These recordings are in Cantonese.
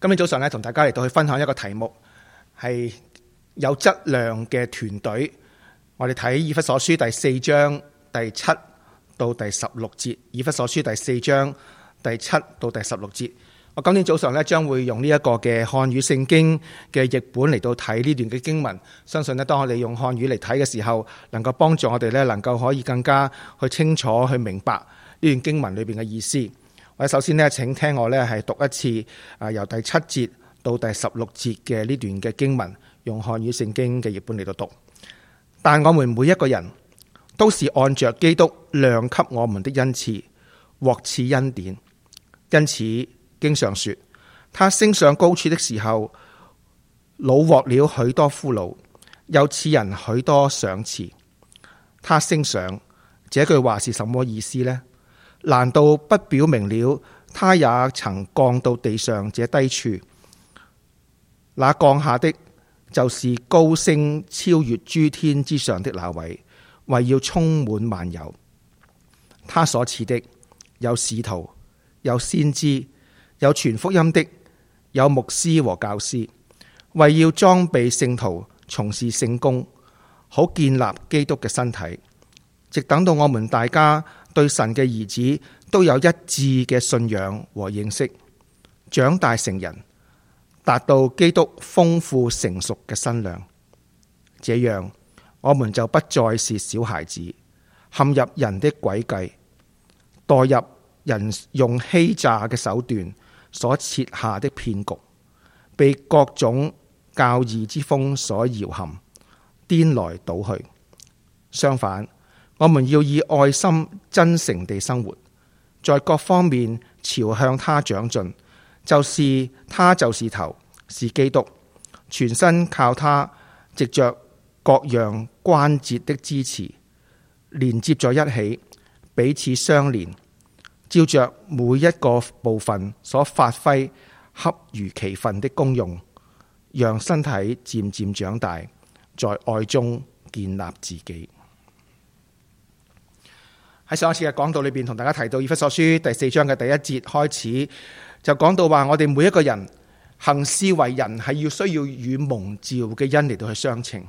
今日早上咧，同大家嚟到去分享一個題目，係有質量嘅團隊。我哋睇《以弗所書》第四章第七到第十六節，《以弗所書》第四章第七到第十六節。我今天早上咧，將會用呢一個嘅漢語聖經嘅譯本嚟到睇呢段嘅經文。相信呢，當我哋用漢語嚟睇嘅時候，能夠幫助我哋咧，能夠可以更加去清楚去明白呢段經文裏邊嘅意思。首先呢，請聽我呢，係讀一次啊，由第七節到第十六節嘅呢段嘅經文，用漢語聖經嘅譯本嚟到讀。但我們每一個人都是按着基督量給我們的恩賜，獲賜恩典。因此，經上說，他升上高處的時候，虜獲了許多俘虜，有賜人許多賞賜。他升上，這句話是什麼意思呢？難道不表明了？他也曾降到地上這低處。那降下的就是高升超越諸天之上的那位，為要充滿萬有。他所賜的有使徒，有先知，有傳福音的，有牧師和教師，為要裝備聖徒，從事聖工，好建立基督嘅身體。直等到我們大家。對神嘅兒子都有一致嘅信仰和認識，長大成人，達到基督豐富成熟嘅身量。這樣我們就不再是小孩子，陷入人的詭計，墮入人用欺詐嘅手段所設下的騙局，被各種教義之風所搖撼，顛來倒去。相反。我們要以愛心真誠地生活，在各方面朝向他長進，就是他就是頭，是基督，全身靠他藉着各樣關節的支持，連接在一起，彼此相連，照着每一個部分所發揮恰如其分的功用，讓身體漸漸長大，在愛中建立自己。喺上一次嘅講道裏邊，同大家提到以弗所書第四章嘅第一節開始，就講到話我哋每一個人行事為人係要需要與蒙召嘅恩嚟到去相稱。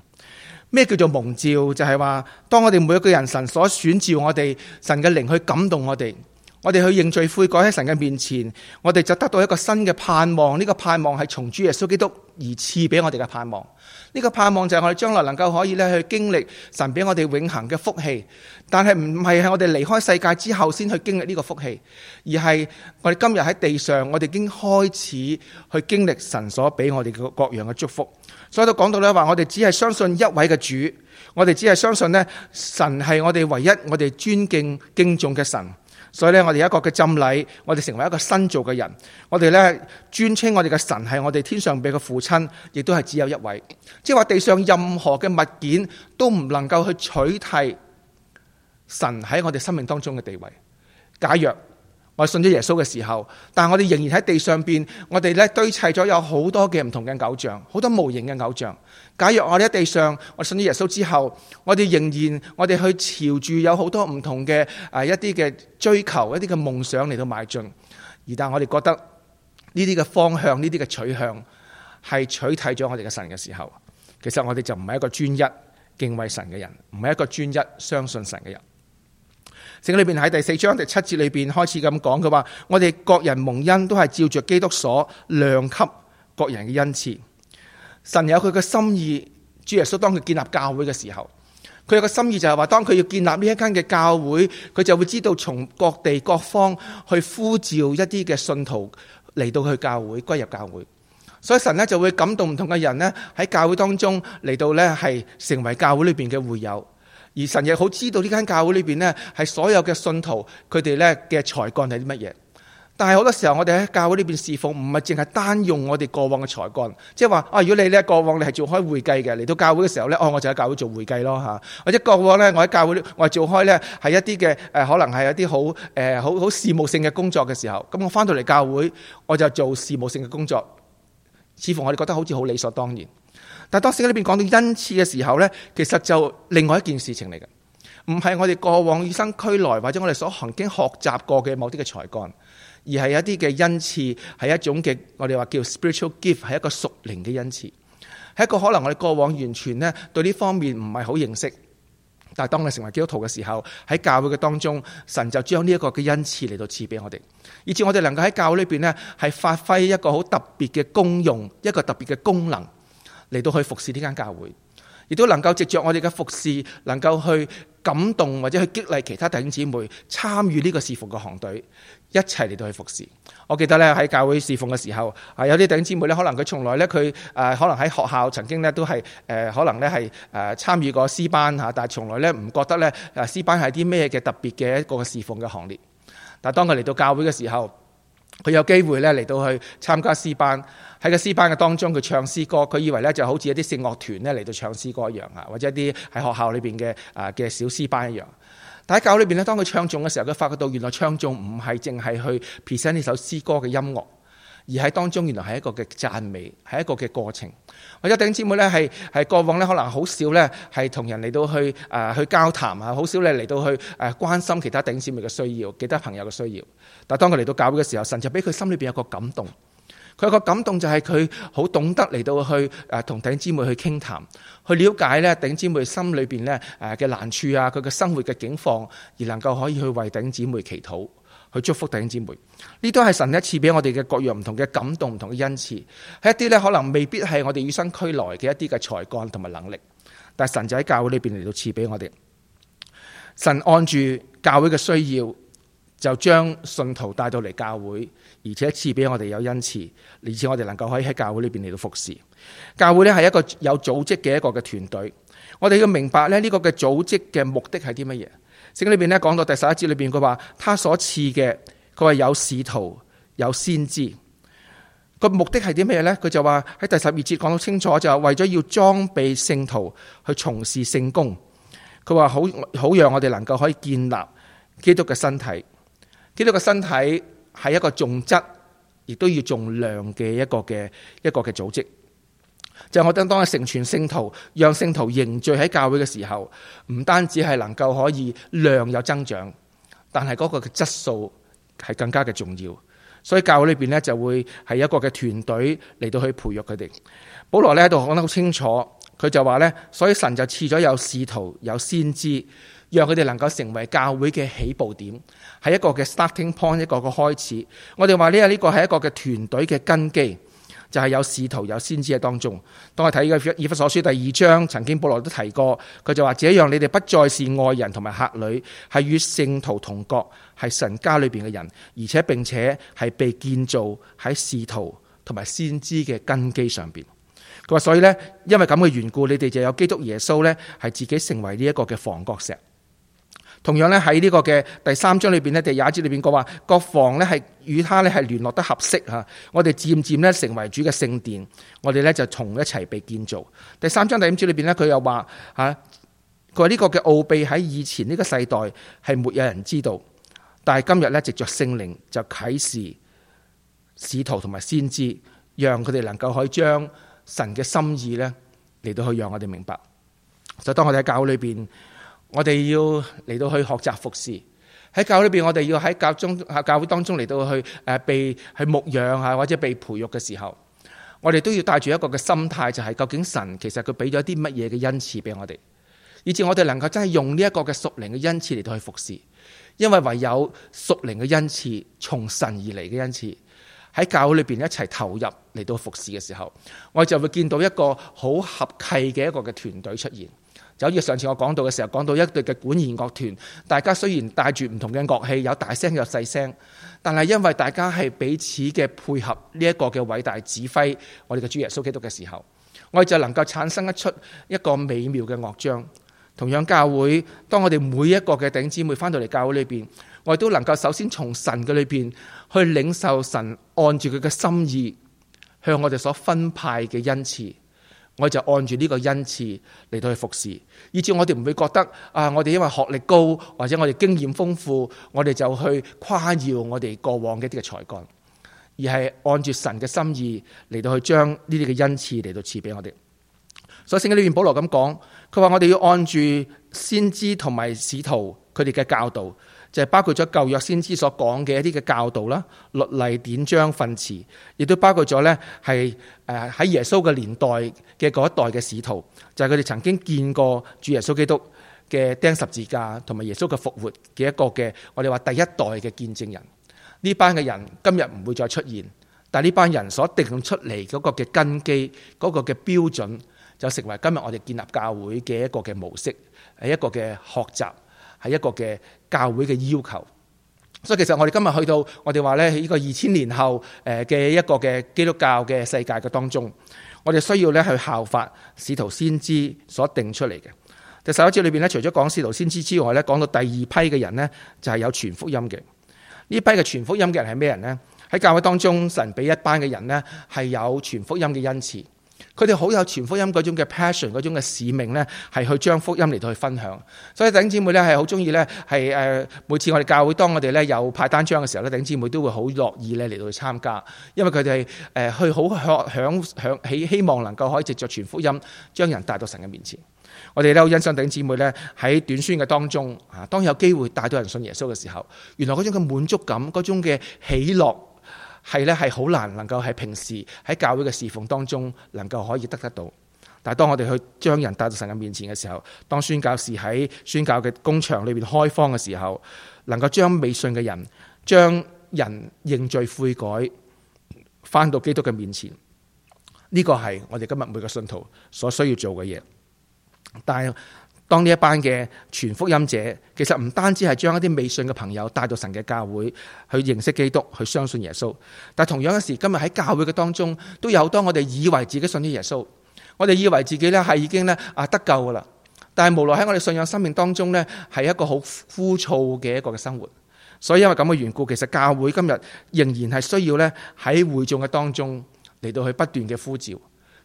咩叫做蒙召？就係話當我哋每一個人神所選召我哋，神嘅靈去感動我哋。我哋去認罪悔改喺神嘅面前，我哋就得到一個新嘅盼望。呢個盼望係從主耶穌基督而賜俾我哋嘅盼望。呢個盼望就係我哋將來能夠可以咧去經歷神俾我哋永恆嘅福氣。但係唔係喺我哋離開世界之後先去經歷呢個福氣，而係我哋今日喺地上，我哋已經開始去經歷神所俾我哋嘅各樣嘅祝福。所以都講到咧，話我哋只係相信一位嘅主，我哋只係相信呢神係我哋唯一我哋尊敬敬重嘅神。所以咧，我哋一個嘅浸禮，我哋成為一個新造嘅人，我哋咧尊稱我哋嘅神係我哋天上邊嘅父親，亦都係只有一位，即係話地上任何嘅物件都唔能夠去取替神喺我哋生命當中嘅地位。假若我信咗耶穌嘅時候，但係我哋仍然喺地上邊，我哋咧堆砌咗有好多嘅唔同嘅偶像，好多無形嘅偶像。假若我哋喺地上，我信咗耶穌之後，我哋仍然我哋去朝住有好多唔同嘅，誒一啲嘅追求，一啲嘅夢想嚟到邁進而但係我哋覺得呢啲嘅方向，呢啲嘅取向係取代咗我哋嘅神嘅時候，其實我哋就唔係一個專一敬畏神嘅人，唔係一個專一相信神嘅人。聖經裏邊喺第四章第七節裏邊開始咁講嘅話，我哋各人蒙恩都係照着基督所量給各人嘅恩賜。神有佢嘅心意，主耶穌當佢建立教會嘅時候，佢有個心意就係話，當佢要建立呢一間嘅教會，佢就會知道從各地各方去呼召一啲嘅信徒嚟到去教會歸入教會。所以神呢就會感動唔同嘅人呢喺教會當中嚟到呢係成為教會裏邊嘅會友。而神亦好知道呢間教會裏邊呢係所有嘅信徒，佢哋呢嘅才幹係啲乜嘢。但係好多時候，我哋喺教會呢邊侍奉唔係淨係單用我哋過往嘅才幹，即係話啊，如果你呢過往你係做開會計嘅，嚟到教會嘅時候呢，哦、啊，我就喺教會做會計咯，吓，或者過往呢，我喺教會我係做開呢係一啲嘅可能係一啲好好好事務性嘅工作嘅時候，咁我翻到嚟教會我就做事務性嘅工作，似乎我哋覺得好似好理所當然。但當聖經呢邊講到恩賜嘅時候呢，其實就另外一件事情嚟嘅，唔係我哋過往與生俱來或者我哋所曾經學習過嘅某啲嘅才幹。而係一啲嘅恩賜，係一種嘅我哋話叫 spiritual gift，係一個屬靈嘅恩賜，係一個可能我哋過往完全咧對呢方面唔係好認識，但係當我哋成為基督徒嘅時候，喺教會嘅當中，神就將呢一個嘅恩賜嚟到賜俾我哋，以致我哋能夠喺教會裏邊咧係發揮一個好特別嘅功用，一個特別嘅功能嚟到去服侍呢間教會，亦都能夠藉著我哋嘅服侍能夠去。感動或者去激勵其他弟兄姊妹參與呢個侍奉嘅行隊，一齊嚟到去服侍。我記得咧喺教會侍奉嘅時候，啊有啲弟兄姊妹咧，可能佢從來咧佢誒，可能喺學校曾經咧都係誒、呃，可能咧係誒參與過詩班吓，但係從來咧唔覺得咧誒詩班係啲咩嘅特別嘅一個侍奉嘅行列。但當佢嚟到教會嘅時候。佢有機會咧嚟到去參加詩班，喺個詩班嘅當中佢唱詩歌，佢以為咧就好似一啲聖樂團咧嚟到唱詩歌一樣啊，或者一啲喺學校裏面嘅小詩班一樣。但喺教會裏面，咧，當佢唱誦嘅時候，佢發覺到原來唱誦唔係淨係去 present 呢首詩歌嘅音樂。而喺當中，原來係一個嘅讚美，係一個嘅過程。或者頂姊妹咧，係係過往咧，可能好少咧，係同人嚟到去誒去交談啊，好少咧嚟到去誒關心其他頂姊妹嘅需要，其他朋友嘅需要。但係當佢嚟到教會嘅時候，神就俾佢心裏邊有個感動。佢有個感動就係佢好懂得嚟到去誒同頂姊妹去傾談，去瞭解咧頂姊妹心裏邊咧誒嘅難處啊，佢嘅生活嘅境況，而能夠可以去為頂姊妹祈禱。去祝福弟兄姊妹，呢都係神賜俾我哋嘅各樣唔同嘅感動、唔同嘅恩賜，係一啲咧可能未必係我哋與生俱來嘅一啲嘅才幹同埋能力，但係神就喺教會裏邊嚟到賜俾我哋。神按住教會嘅需要，就將信徒帶到嚟教會，而且賜俾我哋有恩賜，而且我哋能夠可以喺教會裏邊嚟到服侍。教會呢係一個有組織嘅一個嘅團隊，我哋要明白咧呢個嘅組織嘅目的係啲乜嘢？正裏邊咧講到第十一節裏邊佢話，他，說他所賜嘅佢話有使徒，有先知，個目的係啲咩呢？佢就話喺第十二節講到清楚，就係、是、為咗要裝備聖徒去從事聖工。佢話好好讓我哋能夠可以建立基督嘅身體。基督嘅身體係一個重質，亦都要重量嘅一個嘅一個嘅組織。就是，我哋諗，當佢成全聖徒，讓聖徒凝聚喺教會嘅時候，唔單止係能夠可以量有增長，但係嗰個嘅質素係更加嘅重要。所以教會裏邊咧就會係一個嘅團隊嚟到去培育佢哋。保羅咧喺度講得好清楚，佢就話咧，所以神就賜咗有使徒、有先知，讓佢哋能夠成為教會嘅起步點，係一個嘅 starting point 一個嘅開始。我哋話呢個呢個係一個嘅團隊嘅根基。就係、是，有使徒、有先知嘅當中，當我睇《以以弗所書》第二章，曾經保羅都提過，佢就話，這樣你哋不再是外人同埋客旅，係與聖徒同國，係神家裏邊嘅人，而且並且係被建造喺使徒同埋先知嘅根基上邊。佢話所以呢，因為咁嘅緣故，你哋就有基督耶穌呢，係自己成為呢一個嘅房角石。同樣咧喺呢個嘅第三章裏邊呢，第廿一節裏邊講話，各房呢係與他呢係聯絡得合適吓。我哋漸漸咧成為主嘅聖殿，我哋咧就從一齊被建造。第三章第五節裏邊呢，佢又話吓，佢話呢個嘅奧秘喺以前呢個世代係沒有人知道，但係今日呢，藉着聖靈就啓示使徒同埋先知，讓佢哋能夠可以將神嘅心意呢嚟到去讓我哋明白。所以當我哋喺教會裏邊。我哋要嚟到去學習服侍。喺教裏邊，我哋要喺教中教會當中嚟到去誒、呃、被去牧養啊或者被培育嘅時候，我哋都要帶住一個嘅心態，就係、是、究竟神其實佢俾咗啲乜嘢嘅恩賜俾我哋，以致我哋能夠真係用呢一個嘅屬靈嘅恩賜嚟到去服侍。因為唯有屬靈嘅恩賜從神而嚟嘅恩賜喺教會裏邊一齊投入嚟到服侍嘅時候，我就會見到一個好合契嘅一個嘅團隊出現。就好似上次我講到嘅時候，講到一隊嘅管弦樂團，大家雖然帶住唔同嘅樂器，有大聲有細聲，但係因為大家係彼此嘅配合，呢一個嘅偉大指揮，我哋嘅主耶穌基督嘅時候，我哋就能夠產生一出一個美妙嘅樂章。同樣教會，當我哋每一個嘅弟兄姊妹翻到嚟教會裏邊，我哋都能夠首先從神嘅裏邊去領受神按住佢嘅心意，向我哋所分派嘅恩賜。我就按住呢個恩賜嚟到去服侍，以致我哋唔會覺得啊，我哋因為學歷高或者我哋經驗豐富，我哋就去誇耀我哋過往嘅一啲嘅才幹，而係按住神嘅心意嚟到去將呢啲嘅恩賜嚟到賜俾我哋。所以聖經裏面，保羅咁講，佢話我哋要按住先知同埋使徒佢哋嘅教導。就係、是、包括咗舊約先知所講嘅一啲嘅教導啦，律例典章訓詞，亦都包括咗呢係誒喺耶穌嘅年代嘅嗰一代嘅使徒，就係佢哋曾經見過主耶穌基督嘅釘十字架，同埋耶穌嘅復活嘅一個嘅，我哋話第一代嘅見證人。呢班嘅人今日唔會再出現，但係呢班人所定用出嚟嗰個嘅根基，嗰、那個嘅標準，就成為今日我哋建立教會嘅一個嘅模式，係一個嘅學習。係一個嘅教會嘅要求，所以其實我哋今日去到我哋話咧呢、呢個二千年後誒嘅一個嘅基督教嘅世界嘅當中，我哋需要呢去效法使徒先知所定出嚟嘅。第十一節裏邊呢，除咗講使徒先知之外呢，講到第二批嘅人呢，就係有傳福音嘅呢批嘅傳福音嘅人係咩人呢？喺教會當中，神俾一班嘅人呢，係有傳福音嘅恩賜。佢哋好有傳福音嗰種嘅 passion，嗰種嘅使命呢，係去將福音嚟到去分享。所以弟兄姊妹呢，係好中意呢，係誒每次我哋教會當我哋呢有派單張嘅時候呢，弟兄姊妹都會好樂意呢嚟到去參加，因為佢哋誒佢好想想希望能夠可以直接傳福音，將人帶到神嘅面前。我哋咧好欣賞弟兄姊妹呢喺短宣嘅當中啊，當有機會帶到人信耶穌嘅時候，原來嗰種嘅滿足感，嗰種嘅喜樂。係咧係好難能夠喺平時喺教會嘅侍奉當中能夠可以得得到，但係當我哋去將人帶到神嘅面前嘅時候，當宣教士喺宣教嘅工場裏邊開荒嘅時候，能夠將未信嘅人將人認罪悔改，翻到基督嘅面前，呢個係我哋今日每個信徒所需要做嘅嘢，但係。當呢一班嘅全福音者，其實唔單止係將一啲未信嘅朋友帶到神嘅教會去認識基督，去相信耶穌。但同樣嘅事，今日喺教會嘅當中都有，當我哋以為自己信咗耶穌，我哋以為自己咧係已經咧啊得救噶啦。但係無論喺我哋信仰生命當中咧，係一個好枯燥嘅一個嘅生活。所以因為咁嘅緣故，其實教會今日仍然係需要咧喺會眾嘅當中嚟到去不斷嘅呼召。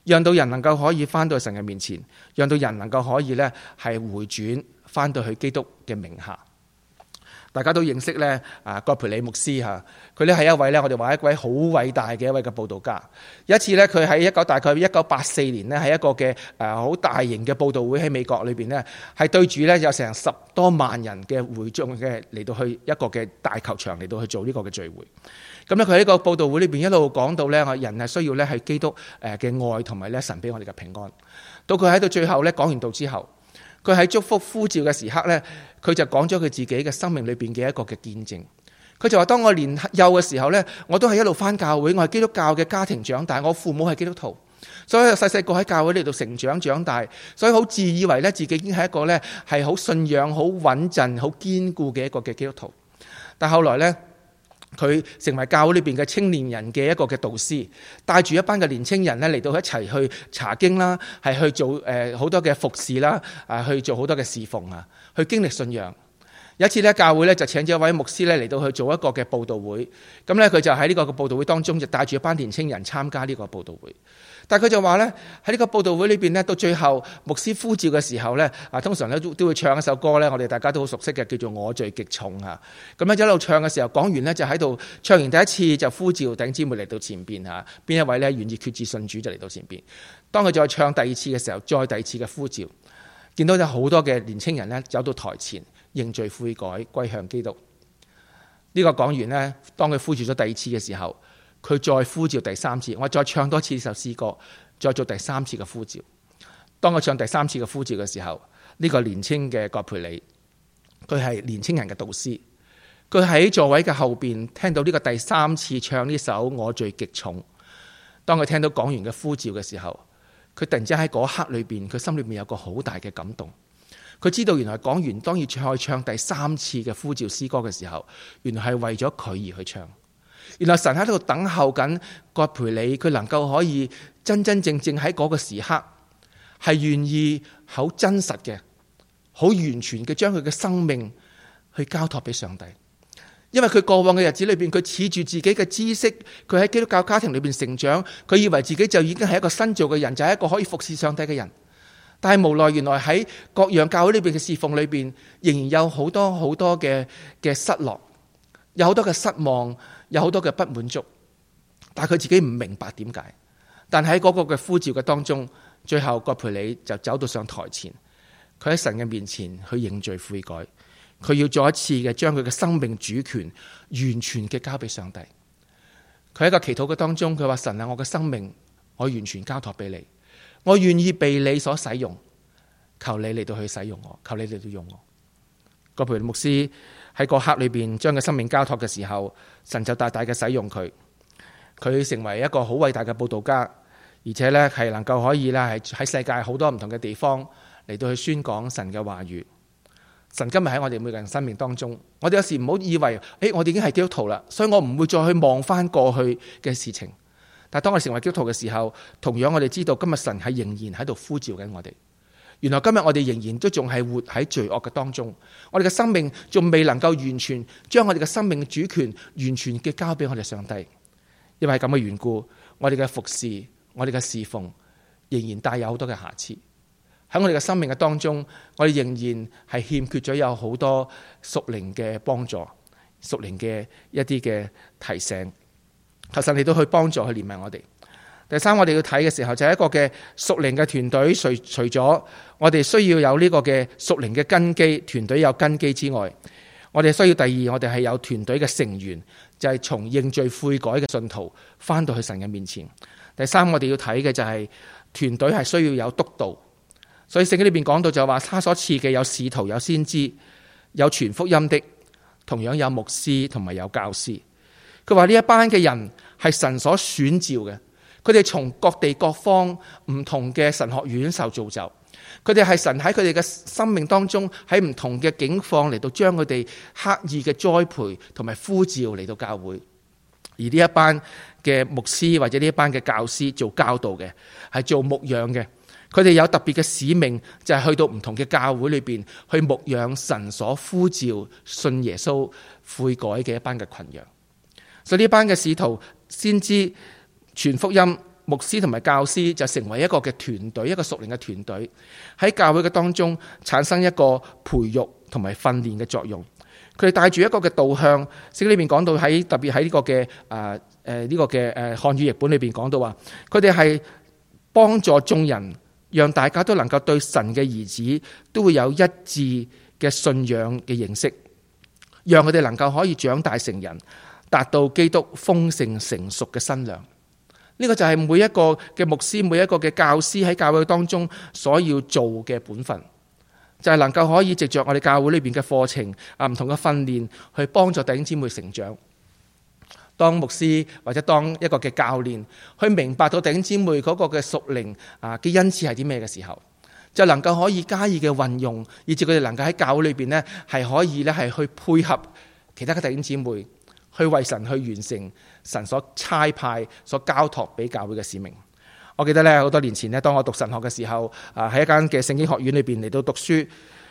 讓到人能夠可以返到神嘅面前，讓到人能夠可以呢係回轉返到去基督嘅名下。大家都認識呢，啊，葛培理牧師吓，佢呢係一位呢，我哋話一位好偉大嘅一位嘅布道家。有一次呢，佢喺一九大概一九八四年呢，喺一個嘅誒好大型嘅布道會喺美國裏邊呢，係對住呢有成十多萬人嘅會眾嘅嚟，到去一個嘅大球場嚟到去做呢個嘅聚會。咁咧，佢喺呢個報道會裏邊一路講到咧，我人係需要咧係基督誒嘅愛同埋咧神俾我哋嘅平安。到佢喺到最後咧講完道之後，佢喺祝福呼召嘅時刻咧，佢就講咗佢自己嘅生命裏邊嘅一個嘅見證。佢就話：當我年幼嘅時候咧，我都係一路翻教會，我係基督教嘅家庭長大，我父母係基督徒，所以細細個喺教會呢度成長長大，所以好自以為咧自己已經係一個咧係好信仰好穩陣好堅固嘅一個嘅基督徒。但後來咧。佢成為教會裏邊嘅青年人嘅一個嘅導師，帶住一班嘅年青人咧嚟到一齊去查經啦，係去做誒好多嘅服侍啦，啊去做好多嘅侍奉啊，去經歷信仰。有一次呢，教會呢就請咗一位牧師咧嚟到去做一個嘅報道會佈道會，咁呢，佢就喺呢個嘅佈道會當中就帶住一班年青人參加呢個佈道會。但佢就話呢，喺呢個報道會裏邊呢，到最後牧師呼召嘅時候呢，啊通常咧都會唱一首歌呢。我哋大家都好熟悉嘅，叫做我罪極重啊。咁樣一路唱嘅時候，講完呢就喺度唱完第一次就呼召弟兄姊妹嚟到前邊啊，邊一位呢願意決志信主就嚟到前邊。當佢再唱第二次嘅時候，再第二次嘅呼召，見到有好多嘅年青人呢走到台前認罪悔改歸向基督。呢、這個講完呢，當佢呼召咗第二次嘅時候。佢再呼召第三次，我再唱多次呢首詩歌，再做第三次嘅呼召。當我唱第三次嘅呼召嘅時候，呢、呢個年青嘅葛培理，佢係年青人嘅導師，佢喺座位嘅後邊聽到呢個第三次唱呢首我最極重。當佢聽到講員嘅呼召嘅時候，佢突然之間喺嗰刻裏邊，佢心裏面有個好大嘅感動。佢知道原來講員當要再唱第三次嘅呼召詩歌嘅時候，原來係為咗佢而去唱。原來神喺度等候緊葛培理，佢能夠可以真真正正喺嗰個時刻係願意好真實嘅，好完全嘅，將佢嘅生命去交託俾上帝。因為佢過往嘅日子裏邊，佢恃住自己嘅知識，佢喺基督教家庭裏邊成長，佢以為自己就已經係一個新造嘅人，就係、是、一個可以服侍上帝嘅人。但係無奈，原來喺各樣教會裏邊嘅侍奉裏邊，仍然有好多好多嘅嘅失落，有好多嘅失望。有好多嘅不滿足，但係佢自己唔明白點解。但喺嗰個嘅呼召嘅當中，最後葛培理就走到上台前，佢喺神嘅面前去認罪悔改，佢要再一次嘅將佢嘅生命主權完全嘅交俾上帝。佢喺個祈禱嘅當中，佢話，神啊，我嘅生命我完全交託俾你，我願意被你所使用，求你嚟到去使用我，求你嚟到用我。葛培理牧師。喺個刻裏邊將佢生命交託嘅時候，神就大大嘅使用佢，佢成為一個好偉大嘅佈道家，而且呢係能夠可以咧係喺世界好多唔同嘅地方嚟到去宣講神嘅話語。神今日喺我哋每個人生命當中，我哋有時唔好以為，誒、哎，我哋已經係基督徒啦，所以我唔會再去望返過去嘅事情。但係當我哋成為基督徒嘅時候，同樣我哋知道今日神係仍然喺度呼召緊我哋。原來今日我哋仍然都仲係活喺罪惡嘅當中，我哋嘅生命仲未能夠完全將我哋嘅生命主權完全嘅交俾我哋上帝，因為咁嘅緣故，我哋嘅服侍、我哋嘅侍奉仍然帶有好多嘅瑕疵。喺我哋嘅生命嘅當中，我哋仍然係欠缺咗有好多屬靈嘅幫助、屬靈嘅一啲嘅提醒。求神你都去幫助去憐憫我哋。第三，我哋要睇嘅時候就係、是、一個嘅屬靈嘅團隊。隨除咗我哋需要有呢個嘅屬靈嘅根基，團隊有根基之外，我哋需要第二，我哋係有團隊嘅成員，就係、是、從認罪悔改嘅信徒返到去神嘅面前。第三，我哋要睇嘅就係、是、團隊係需要有督導。所以聖經裏邊講到就係話，他所賜嘅有使徒、有先知、有傳福音的，同樣有牧師同埋有教師。佢話呢一班嘅人係神所選召嘅。佢哋從各地各方唔同嘅神學院受造就，佢哋係神喺佢哋嘅生命當中，喺唔同嘅境況嚟到將佢哋刻意嘅栽培同埋呼召嚟到教會，而呢一班嘅牧師或者呢一班嘅教師做教導嘅，係做牧養嘅，佢哋有特別嘅使命，就係去到唔同嘅教會裏邊去牧養神所呼召信耶穌悔改嘅一班嘅群羊，所以呢班嘅使徒先知，全福音牧師同埋教師就成為一個嘅團隊，一個熟齡嘅團隊喺教會嘅當中產生一個培育同埋訓練嘅作用。佢哋帶住一個嘅導向，聖經裏邊講到喺特別喺呢個嘅誒誒呢個嘅誒、呃、漢語譯本裏邊講到話，佢哋係幫助眾人，讓大家都能夠對神嘅兒子都會有一致嘅信仰嘅認識，讓佢哋能夠可以長大成人，達到基督豐盛成熟嘅身量。呢、這個就係每一個嘅牧師、每一個嘅教師喺教會當中所要做嘅本分，就係、是、能夠可以藉着我哋教會裏邊嘅課程啊、唔同嘅訓練，去幫助弟兄姊妹成長。當牧師或者當一個嘅教練，去明白到弟兄姊妹嗰個嘅屬靈啊嘅恩賜係啲咩嘅時候，就能夠可以加以嘅運用，以至佢哋能夠喺教會裏邊呢，係可以咧係去配合其他嘅弟兄姊妹去為神去完成。神所差派、所交託俾教會嘅使命。我記得咧，好多年前呢，當我讀神學嘅時候，啊喺一間嘅聖經學院裏邊嚟到讀書。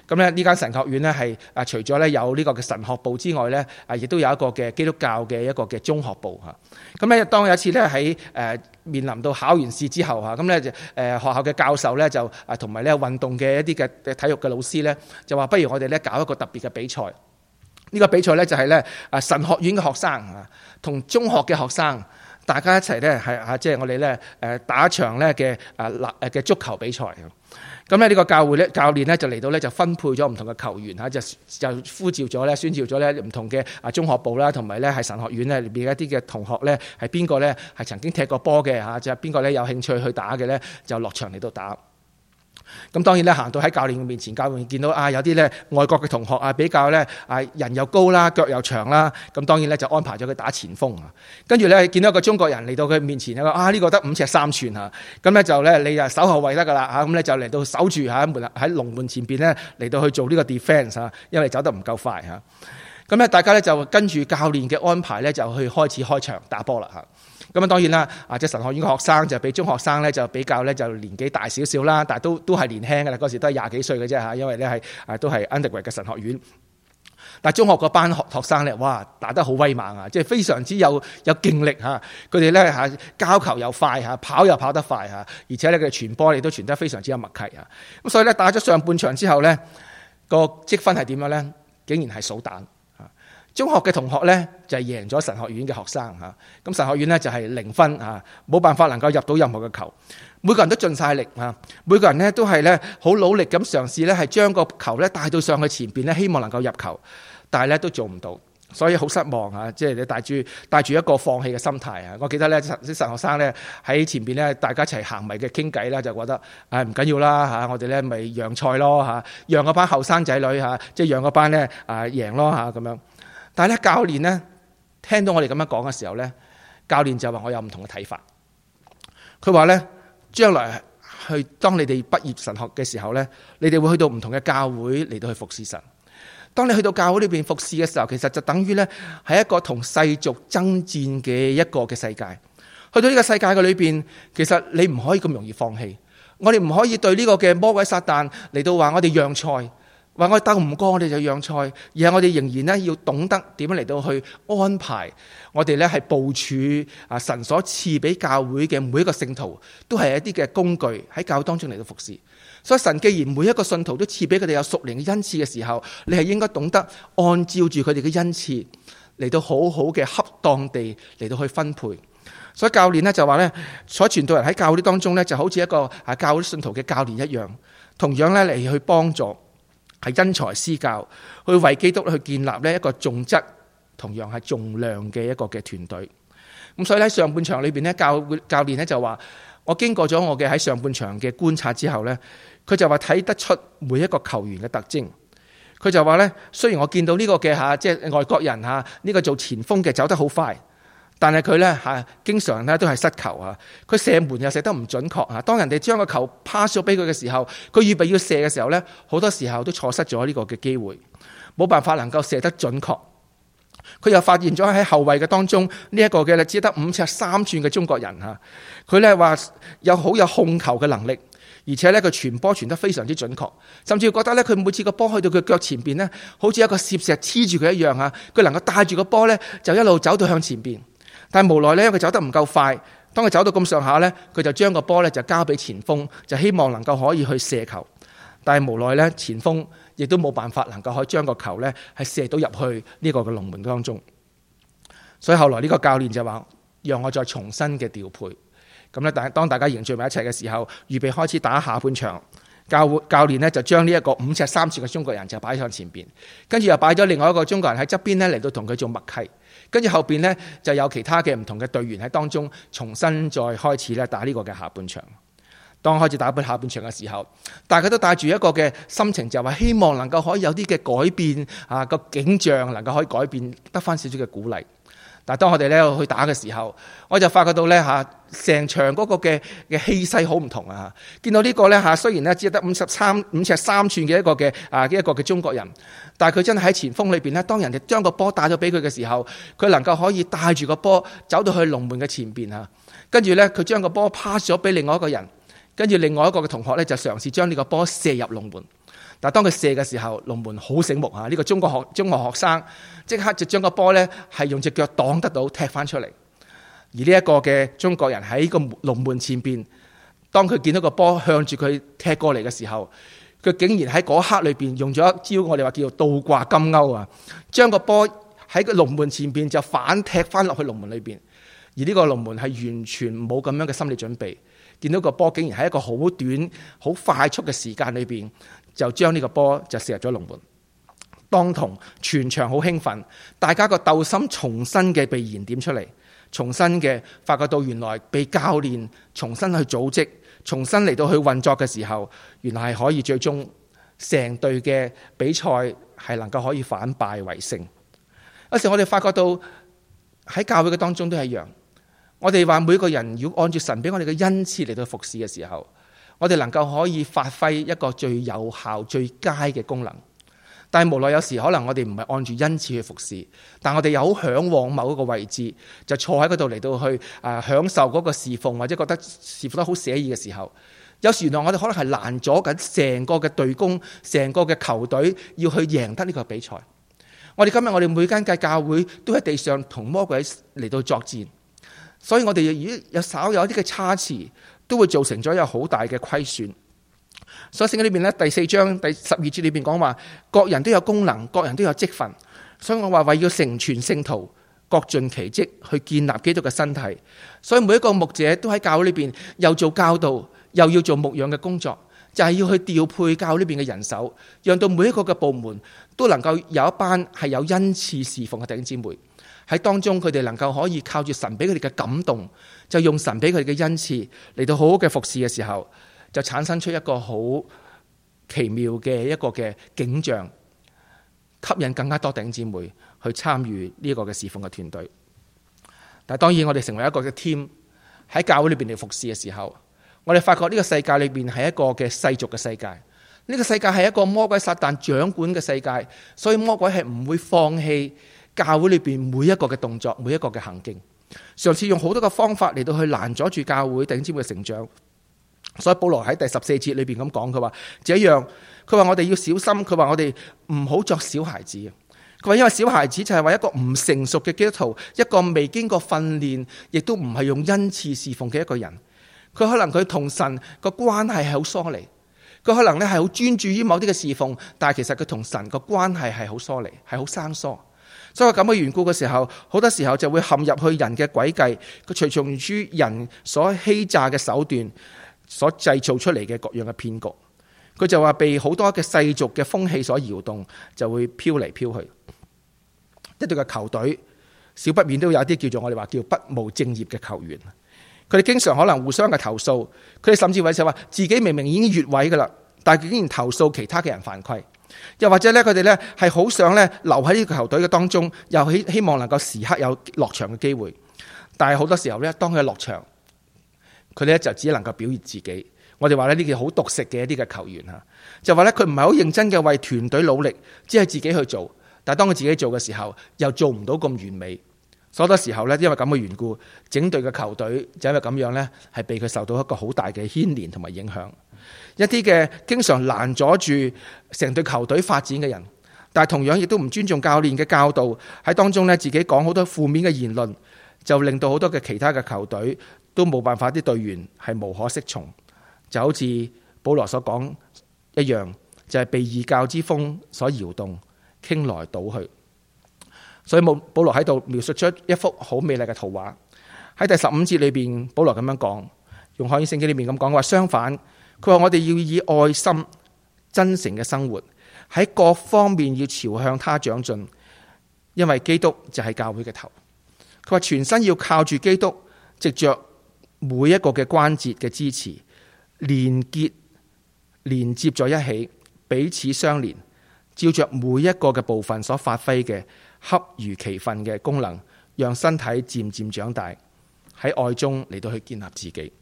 咁咧呢間神學院呢，係啊除咗咧有呢個嘅神學部之外咧啊，亦都有一個嘅基督教嘅一個嘅中學部嚇。咁咧當有一次咧喺誒面臨到考完試之後嚇，咁咧就誒學校嘅教授咧就啊同埋呢運動嘅一啲嘅嘅體育嘅老師咧就話不如我哋咧搞一個特別嘅比賽。呢個比賽咧就係咧啊神學院嘅學生啊同中學嘅學生大家一齊咧係啊即係我哋咧誒打一場咧嘅啊籃誒嘅足球比賽。咁咧呢個教會咧教練咧就嚟到咧就分配咗唔同嘅球員嚇，就就呼召咗咧宣召咗咧唔同嘅啊中學部啦，同埋咧係神學院咧入邊一啲嘅同學咧，係邊個咧係曾經踢過波嘅嚇，就係邊個咧有興趣去打嘅咧就落場嚟到打。咁當然咧，行到喺教練面前，教練見到啊，有啲咧外國嘅同學啊，比較咧啊人又高啦，腳又長啦。咁當然咧就安排咗佢打前鋒啊。跟住咧見到一個中國人嚟到佢面前咧，啊呢個得五尺三寸啊。咁咧就咧你啊守後衛得噶啦啊。咁咧就嚟到守住喺門喺龍門前邊咧嚟到去做呢個 defense 啊，因為走得唔夠快啊。咁咧大家咧就跟住教練嘅安排咧就去開始開場打波啦吓。咁啊，當然啦，啊即神學院嘅學生就比中學生咧就比較咧就年紀大少少啦，但係都都係年輕嘅啦，嗰時都係廿幾歲嘅啫嚇，因為咧係啊都係安德維嘅神學院。但係中學個班學學生咧，哇打得好威猛啊，即係非常之有有勁力嚇，佢哋咧嚇交球又快嚇，跑又跑得快嚇，而且咧佢哋傳波亦都傳得非常之有默契啊。咁所以咧打咗上半場之後咧，個積分係點樣咧？竟然係數蛋。中學嘅同學咧就係贏咗神學院嘅學生吓，咁神學院咧就係零分吓，冇辦法能夠入到任何嘅球。每個人都盡晒力啊，每個人咧都係咧好努力咁嘗試咧，係將個球咧帶到上去前邊咧，希望能夠入球，但係咧都做唔到，所以好失望吓，即係你帶住帶住一個放棄嘅心態啊！我記得咧神啲神學生咧喺前邊咧，大家一齊行埋嘅傾偈咧，就覺得唉唔緊要啦吓，我哋咧咪讓賽咯吓，讓嗰班後生仔女吓，即係讓嗰班咧啊贏咯吓咁樣。但係咧，教練呢，聽到我哋咁樣講嘅時候呢，教練就話我有唔同嘅睇法。佢話呢，將來去當你哋畢業神學嘅時候呢，你哋會去到唔同嘅教會嚟到去服侍神。當你去到教會裏邊服侍嘅時候，其實就等於呢係一個同世俗爭戰嘅一個嘅世界。去到呢個世界嘅裏邊，其實你唔可以咁容易放棄。我哋唔可以對呢個嘅魔鬼撒旦嚟到話我哋讓賽。話我鬥唔過我哋就讓菜，而係我哋仍然呢，要懂得點樣嚟到去安排我哋呢係部署啊神所賜俾教會嘅每一個聖徒，都係一啲嘅工具喺教會當中嚟到服侍。所以神既然每一個信徒都賜俾佢哋有屬靈嘅恩賜嘅時候，你係應該懂得按照住佢哋嘅恩賜嚟到好好嘅恰當地嚟到去分配。所以教練呢，就話呢，所傳道人喺教會當中呢，就好似一個啊教會信徒嘅教練一樣，同樣呢嚟去幫助。係因材施教，去為基督去建立呢一個重質，同樣係重量嘅一個嘅團隊。咁所以喺上半場裏邊呢，教教練呢就話，我經過咗我嘅喺上半場嘅觀察之後呢，佢就話睇得出每一個球員嘅特徵。佢就話呢，雖然我見到呢個嘅吓，即係外國人吓，呢個做前鋒嘅走得好快。但係佢咧嚇，經常咧都係失球啊！佢射門又射得唔準確啊！當人哋將個球 pass 咗俾佢嘅時候，佢預備要射嘅時候咧，好多時候都錯失咗呢個嘅機會，冇辦法能夠射得準確。佢又發現咗喺後衞嘅當中呢一個嘅只得五尺三寸嘅中國人嚇，佢咧話有好有控球嘅能力，而且咧佢傳波傳得非常之準確，甚至覺得咧佢每次個波去到佢腳前邊咧，好似一個攝石黐住佢一樣嚇，佢能夠帶住個波咧就一路走到向前邊。但係無奈咧，佢走得唔夠快。當佢走到咁上下呢，佢就將個波呢就交俾前鋒，就希望能夠可以去射球。但係無奈呢，前鋒亦都冇辦法能夠可以將個球呢係射到入去呢個嘅龍門當中。所以後來呢個教練就話，讓我再重新嘅調配。咁咧，但係當大家凝聚埋一齊嘅時候，預備開始打下半場。教教練呢就將呢一個五尺三寸嘅中國人就擺上前邊，跟住又擺咗另外一個中國人喺側邊呢嚟到同佢做默契。跟住後邊呢，就有其他嘅唔同嘅隊員喺當中重新再開始咧打呢個嘅下半場。當開始打本下半場嘅時候，大家都帶住一個嘅心情，就係話希望能夠可以有啲嘅改變啊，個景象能夠可以改變，得返少少嘅鼓勵。但係當我哋咧去打嘅時候，我就發覺到咧嚇成場嗰個嘅嘅氣勢好唔同啊！見到呢個咧嚇，雖然咧只得五十三五尺三寸嘅一個嘅啊，一個嘅中國人，但係佢真係喺前鋒裏邊咧。當人哋將個波帶咗俾佢嘅時候，佢能夠可以帶住個波走到去龍門嘅前邊嚇，跟住咧佢將個波 pass 咗俾另外一個人，跟住另外一個嘅同學咧就嘗試將呢個波射入龍門。但係當佢射嘅時候，龍門好醒目啊！呢個中國學，中學學生即刻就將個波呢，係用隻腳擋得到，踢翻出嚟。而呢一個嘅中國人喺個龍門前邊，當佢見到個波向住佢踢過嚟嘅時候，佢竟然喺嗰刻裏邊用咗一招我哋話叫做倒掛金鈎啊！將個波喺個龍門前邊就反踢翻落去龍門裏邊。而呢個龍門係完全冇咁樣嘅心理準備，見到個波竟然喺一個好短、好快速嘅時間裏邊。就將呢個波就射入咗龍門，當同全場好興奮，大家個鬥心重新嘅被燃點出嚟，重新嘅發覺到原來被教練重新去組織，重新嚟到去運作嘅時候，原來係可以最終成隊嘅比賽係能夠可以反敗為勝。有時我哋發覺到喺教會嘅當中都係一樣，我哋話每個人要按住神俾我哋嘅恩賜嚟到服侍嘅時候我哋能夠可以發揮一個最有效、最佳嘅功能，但係無奈有時可能我哋唔係按住恩賜去服侍，但我哋又好向往某一個位置，就坐喺嗰度嚟到去啊、呃、享受嗰個侍奉，或者覺得侍奉得好寫意嘅時候，有時原來我哋可能係攔阻緊成個嘅對攻，成個嘅球隊要去贏得呢個比賽。我哋今日我哋每間嘅教會都喺地上同魔鬼嚟到作戰，所以我哋若如有稍有，有一啲嘅差池。都會造成咗有好大嘅虧損。所以呢邊咧第四章第十二節裏邊講話，各人都有功能，各人都有職份。所以我話為要成全聖徒，各盡其職去建立基督嘅身體。所以每一個牧者，都喺教會裏邊又做教導，又要做牧養嘅工作，就係要去調配教會呢邊嘅人手，讓到每一個嘅部門都能夠有一班係有恩賜侍奉嘅弟兄姊妹喺當中，佢哋能夠可以靠住神俾佢哋嘅感動，就用神俾佢哋嘅恩賜嚟到好好嘅服侍嘅時候，就產生出一個好奇妙嘅一個嘅景象，吸引更加多弟兄姊妹去參與呢個嘅侍奉嘅團隊。但當然，我哋成為一個嘅 team 喺教會裏邊嚟服侍嘅時候，我哋發覺呢個世界裏邊係一個嘅世俗嘅世界，呢、這個世界係一個魔鬼撒旦掌管嘅世界，所以魔鬼係唔會放棄教會裏邊每一個嘅動作，每一個嘅行徑。上次用好多嘅方法嚟到去攔阻住教會頂尖嘅成長，所以保羅喺第十四節裏邊咁講，佢話這樣，佢話我哋要小心，佢話我哋唔好作小孩子嘅，佢話因為小孩子就係話一個唔成熟嘅基督徒，一個未經過訓練，亦都唔係用恩賜侍奉嘅一個人，佢可能佢同神個關係係好疏離，佢可能咧係好專注於某啲嘅侍奉，但係其實佢同神個關係係好疏離，係好生疏。所以咁嘅緣故嘅時候，好多時候就會陷入去人嘅詭計，佢隨從於人所欺詐嘅手段，所製造出嚟嘅各樣嘅騙局。佢就話被好多嘅世俗嘅風氣所搖動，就會飄嚟飄去。一隊嘅球隊，少不免都有啲叫做我哋話叫不務正業嘅球員，佢哋經常可能互相嘅投訴，佢哋甚至會想話自己明明已經越位噶啦，但係佢竟然投訴其他嘅人犯規。又或者咧，佢哋咧係好想咧留喺呢個球隊嘅當中，又希希望能夠時刻有落場嘅機會。但係好多時候咧，當佢落場，佢咧就只能夠表現自己。我哋話呢，呢個好獨食嘅一啲嘅球員吓，就話咧佢唔係好認真嘅為團隊努力，只係自己去做。但係當佢自己做嘅時候，又做唔到咁完美。好多時候咧，因為咁嘅緣故，整隊嘅球隊就因為咁樣咧，係被佢受到一個好大嘅牽連同埋影響。一啲嘅經常攔阻住成隊球隊發展嘅人，但係同樣亦都唔尊重教練嘅教導，喺當中呢，自己講好多負面嘅言論，就令到好多嘅其他嘅球隊都冇辦法，啲隊員係無可適從，就好似保羅所講一樣，就係、是、被異教之風所搖動，傾來倒去。所以保羅喺度描述出一幅好美麗嘅圖畫。喺第十五節裏邊，保羅咁樣講，用《漢語聖經》裏面咁講，話相反。佢話：我哋要以愛心、真誠嘅生活，喺各方面要朝向他長進，因為基督就係教會嘅頭。佢話全身要靠住基督，藉着每一個嘅關節嘅支持，連結、連接在一起，彼此相連，照着每一個嘅部分所發揮嘅恰如其分嘅功能，讓身體漸漸長大，喺愛中嚟到去建立自己。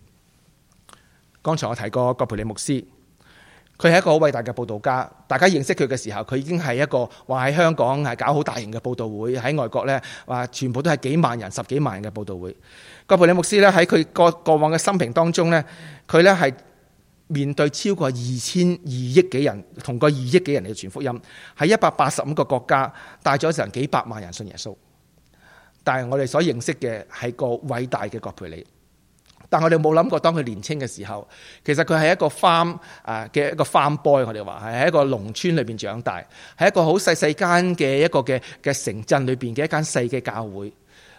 剛才我提過葛培理牧師，佢係一個好偉大嘅佈道家。大家認識佢嘅時候，佢已經係一個話喺香港係搞好大型嘅佈道會，喺外國呢話全部都係幾萬人、十幾萬人嘅佈道會。葛培理牧師呢，喺佢過往嘅生平當中呢，佢呢係面對超過二千二億幾人，同個二億幾人嚟傳福音，喺一百八十五個國家帶咗成幾百萬人信耶穌。但係我哋所認識嘅係個偉大嘅葛培理。但我哋冇諗過，當佢年青嘅時候，其實佢係一個 farm 啊嘅一個 farm boy，我哋話係喺一個農村裏邊長大，係一個好細細間嘅一個嘅嘅城鎮裏邊嘅一間細嘅教會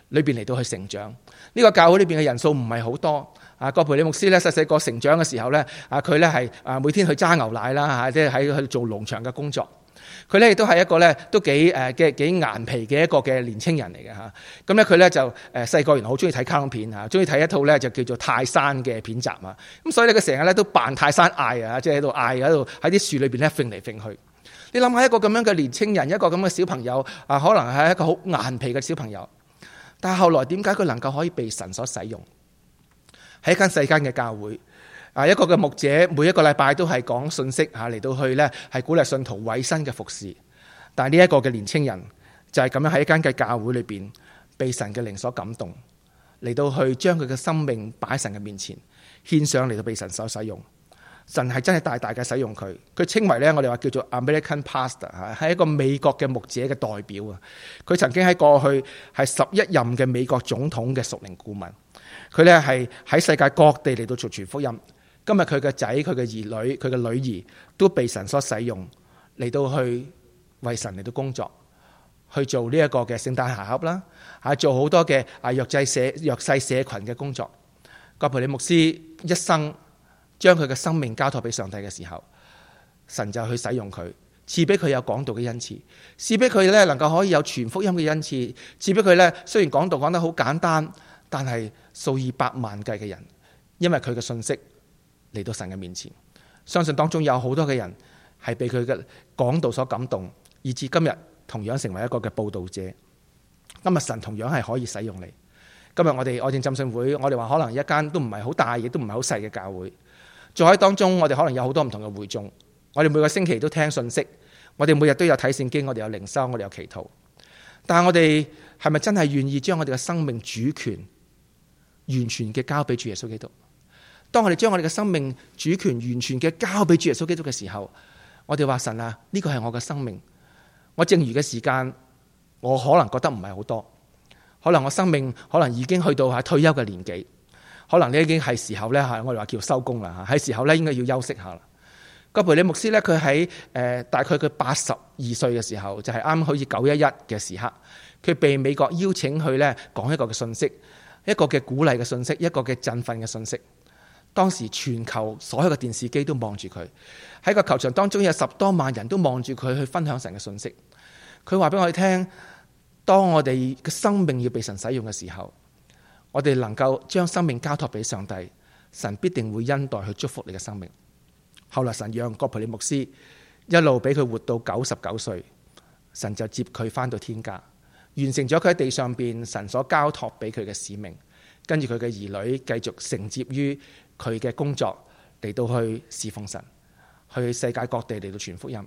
裏邊嚟到去成長。呢、這個教會裏邊嘅人數唔係好多啊。葛培理牧師咧，細細個成長嘅時候咧，啊佢咧係啊每天去揸牛奶啦，吓即係喺去做農場嘅工作。佢咧亦都係一個咧都幾誒嘅幾硬皮嘅一個嘅年青人嚟嘅吓，咁咧佢咧就誒細個原來好中意睇卡通片吓，中意睇一套咧就叫做泰山嘅片集啊，咁所以咧佢成日咧都扮泰山嗌啊，即係喺度嗌啊喺度喺啲樹裏邊咧揈嚟揈去。你諗下一個咁樣嘅年青人，一個咁嘅小朋友啊，可能係一個好硬皮嘅小朋友，但係後來點解佢能夠可以被神所使用喺一間世間嘅教會？啊，一個嘅牧者每一個禮拜都係講信息嚇，嚟到去呢係鼓勵信徒委身嘅服侍。但係呢一個嘅年青人就係咁樣喺一間嘅教會裏邊被神嘅靈所感動，嚟到去將佢嘅生命擺喺神嘅面前獻上嚟到被神所使用。神係真係大大嘅使用佢，佢稱為呢，我哋話叫做 American Pastor 嚇，係一個美國嘅牧者嘅代表啊。佢曾經喺過去係十一任嘅美國總統嘅屬靈顧問。佢呢係喺世界各地嚟到傳福音。今日佢嘅仔、佢嘅兒女、佢嘅女兒都被神所使用嚟到去為神嚟到工作，去做呢一個嘅聖誕鞋盒啦，啊做好多嘅啊弱制社弱勢社群嘅工作。葛培里牧師一生將佢嘅生命交託俾上帝嘅時候，神就去使用佢，賜俾佢有廣度嘅恩賜，賜俾佢咧能夠可以有全福音嘅恩賜，賜俾佢咧雖然講道講得好簡單，但係數以百萬計嘅人因為佢嘅信息。嚟到神嘅面前，相信當中有好多嘅人係被佢嘅講道所感動，以至今日同樣成為一個嘅報道者。今日神同樣係可以使用你。今日我哋愛敬浸信會，我哋話可能一間都唔係好大，亦都唔係好細嘅教會。坐喺當中，我哋可能有好多唔同嘅會眾。我哋每個星期都聽信息，我哋每日都有睇聖經，我哋有靈修，我哋有祈禱。但係我哋係咪真係願意將我哋嘅生命主權完全嘅交俾主耶穌基督？當我哋將我哋嘅生命主權完全嘅交俾主耶穌基督嘅時候，我哋話神啊，呢個係我嘅生命。我剩餘嘅時間，我可能覺得唔係好多，可能我生命可能已經去到吓退休嘅年紀，可能你已經係時候呢。我哋話叫收工啦吓，係時候呢應該要休息下啦。個培理牧師呢，佢喺誒大概佢八十二歲嘅時候，就係啱好似九一一嘅時刻，佢被美國邀請去呢講一個嘅信息，一個嘅鼓勵嘅信息，一個嘅振奮嘅信息。當時全球所有嘅電視機都望住佢，喺個球場當中有十多萬人都望住佢去分享神嘅信息。佢話俾我哋聽，當我哋嘅生命要被神使用嘅時候，我哋能夠將生命交託俾上帝，神必定會恩待去祝福你嘅生命。後來神讓葛培理牧師一路俾佢活到九十九歲，神就接佢返到天家，完成咗佢喺地上邊神所交託俾佢嘅使命。跟住佢嘅兒女繼續承接於佢嘅工作嚟到去侍奉神，去世界各地嚟到傳福音。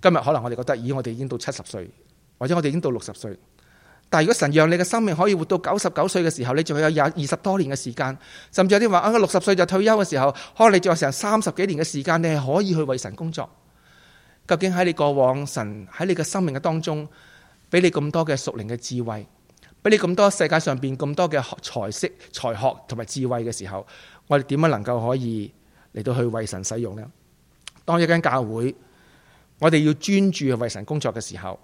今日可能我哋覺得，咦、哎，我哋已經到七十歲，或者我哋已經到六十歲。但如果神讓你嘅生命可以活到九十九歲嘅時候，你仲有廿二十多年嘅時間。甚至有啲話，啊、六十歲就退休嘅時候，可能你仲有成三十幾年嘅時間，你係可以去為神工作。究竟喺你過往，神喺你嘅生命嘅當中，俾你咁多嘅屬靈嘅智慧，俾你咁多世界上邊咁多嘅才識、才學同埋智慧嘅時候，我哋點樣能夠可以嚟到去為神使用呢？當一間教會，我哋要專注去為神工作嘅時候，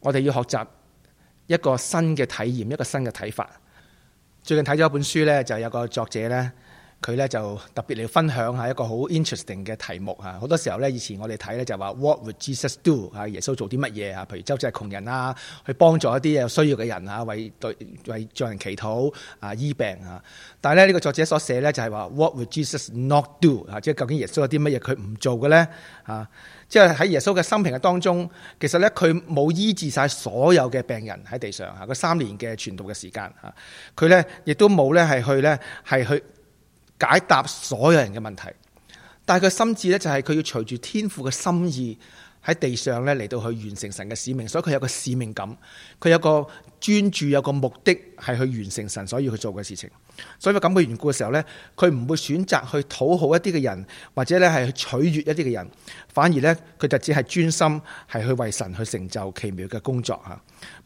我哋要學習一個新嘅體驗，一個新嘅睇法。最近睇咗一本書呢，就有個作者呢。佢咧就特別嚟分享下一個好 interesting 嘅題目啊！好多時候咧，以前我哋睇咧就係話 What would Jesus do？啊，耶穌做啲乜嘢啊？譬如周濟窮人啊，去幫助一啲有需要嘅人啊，為對為眾人祈禱啊，醫病啊。但係咧呢個作者所寫咧就係話 What would Jesus not do？啊，即係究竟耶穌有啲乜嘢佢唔做嘅咧？啊，即係喺耶穌嘅生平嘅當中，其實咧佢冇醫治晒所有嘅病人喺地上啊！嗰三年嘅傳道嘅時間啊，佢咧亦都冇咧係去咧係去，解答所有人嘅問題，但係佢心智咧就係佢要隨住天父嘅心意喺地上咧嚟到去完成神嘅使命，所以佢有個使命感，佢有個專注，有個目的係去完成神所要去做嘅事情。所以，為咁嘅緣故嘅時候呢，佢唔會選擇去討好一啲嘅人，或者咧係取悅一啲嘅人，反而呢，佢就只係專心係去為神去成就奇妙嘅工作吓。譬